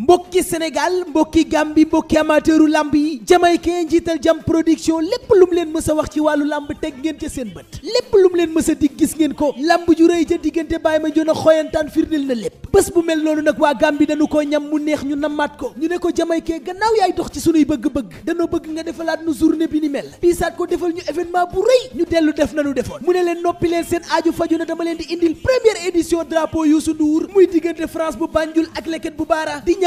mbokki Sénégal mbokki Gambie mbokki amateuru lamb yi jamaïcain njiital jam production lépp lum leen mës a wax ci wàllu lamb teg ngeen ca seen bët lépp lum leen mës a dig gis ngeen ko lamb ju rëy ca diggante bàyyi ma jon a xooyantaan firndil lépp bés bu mel noonu nag waa Gambie dañu ko ñam mu neex ñu namaat ko ñu ne ko jamaïcain gannaaw yaay dox ci sunuy bëgg-bëgg danoo bëgg nga defalaat nu journée bi ni mel piisaat ko defal ñu événement bu rëy ñu dellu def nanu defoon mu ne leen noppi leen seen aaju faju na dama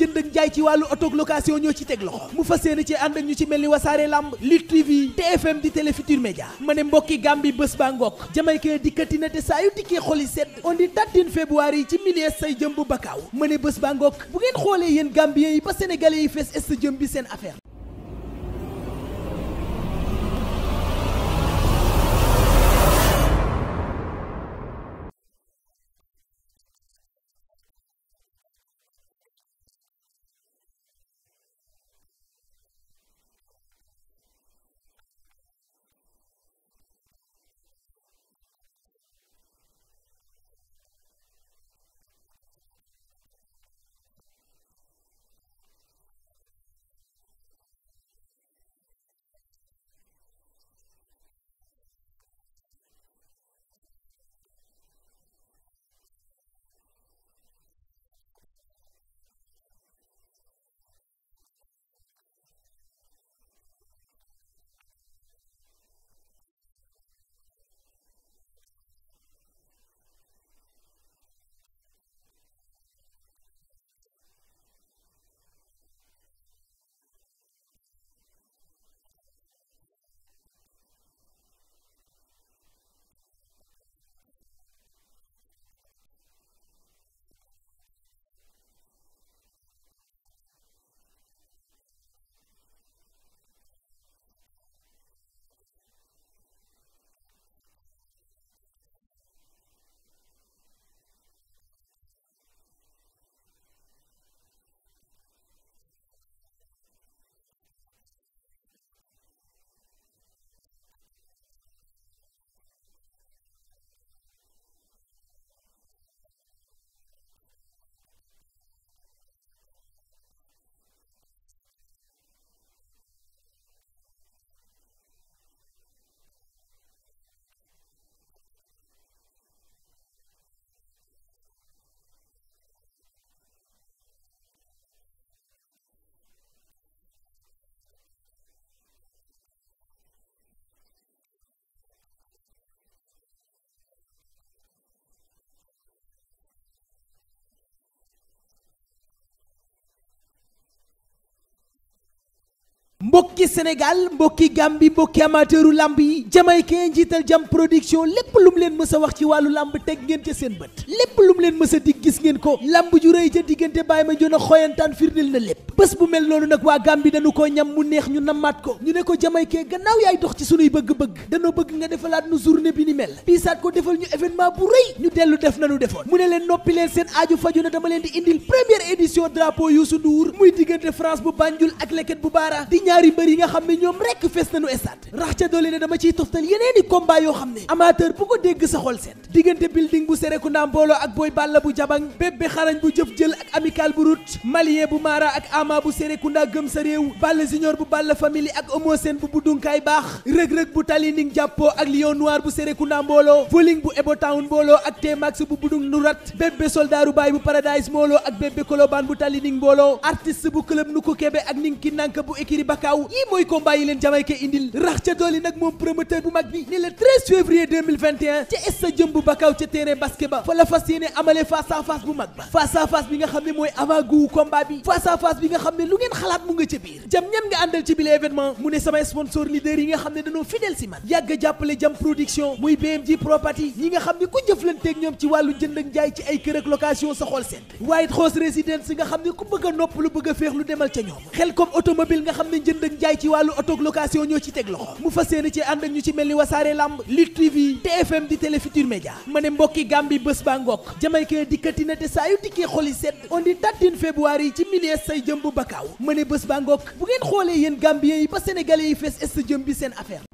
jënd ak jaay ci wàllu auto location ñoo ci teg loxo mu fas yéene ci ànd ñu ci mel ni wasaare lamb Lutte TV TFM di Télé Futurs ma ne mbokki Gambie bés ba ngokk jamaykee dikkati na te saa yu dikkee xoli sedd on dit date février yi ci miliers say jëm bu bakkaaw ma ne bés ba ngokk bu ngeen xoolee yéen Gambiens yi ba Sénégalais yi fees est jëm bi seen affaire mbokki Sénégal mbokki Gambie mbokki amateuru lamb yi jamaykee njiital jam production lépp lu mu leen mës wax ci wàllu lamb teg ngeen ca seen bët lépp lu mu leen mës a gis ngeen ko lamb ju rëy ca diggante bàyyi ma jon xoyantaan firndeel na lépp bés bu mel noonu nag waa Gambie dañu ko ñam mu neex ñu namaat ko ñu ne ko jamaykee gannaaw yaay dox ci sunuy bëgg-bëgg danoo bëgg nga defalaat nu journée bi ni mel piisaat ko defal ñu événement bu rëy ñu ñaari mbër yi nga xam ne ñoom rekk fees nañu stade rax ca doole ne dama ciy toftal yeneen combat yoo xam ne amateur bu ko dégg sa xol seet diggante building bu Serekunda mbooloo ak Boy Balla bu jabang bébbe xarañ bu jëf jël ak amical bu rut bu maara ak ama bu Serekunda gëm sa réew Balla junior bu Balla family ak Homo Sène bu buddunkaay baax rëg-rëg bu tali ning jàppoo ak lion noir bu Serekunda mbooloo voling bu Ebo mbooloo ak T-Max bu budung nurat bébbe soldaaru baay bu paradise Ndakaaw yi mooy combat yi leen Jamaïque indil rax ca doole nag moom promoteur bu mag bi ne le 13 février 2021 ca stadium bu Bakaaw ca terrain basket fa la fas yéene amale face à bu mag ba face à bi nga xam ne mooy avant goût combat bi face à bi nga xam ne lu ngeen xalaat mu nga ca biir jam ñan nga àndal ci bile événement mu ne samay sponsor leader yi nga xam ne dañoo fidèle si man yàgg jàppale jam production muy BMG property yi nga xam ne ku jëflanteeg ñoom jënd ak ci wàllu auto location ñoo ci teg loxo mu fas yéene ci ànd ak ñu ci mel ni wasaare lamb Lutte TV fm di Télé Futurs ma ne mbokki Gambie bës ba ngokk jamaykee dikkati na te saa yu dikkee xoli sedd on di tattin février yi ci milies say jëm bu bakkaaw ma ne bés ba ngokk bu ngeen xoolee yéen Gambien yi ba Sénégalais yi fees est jëm bi seen affaire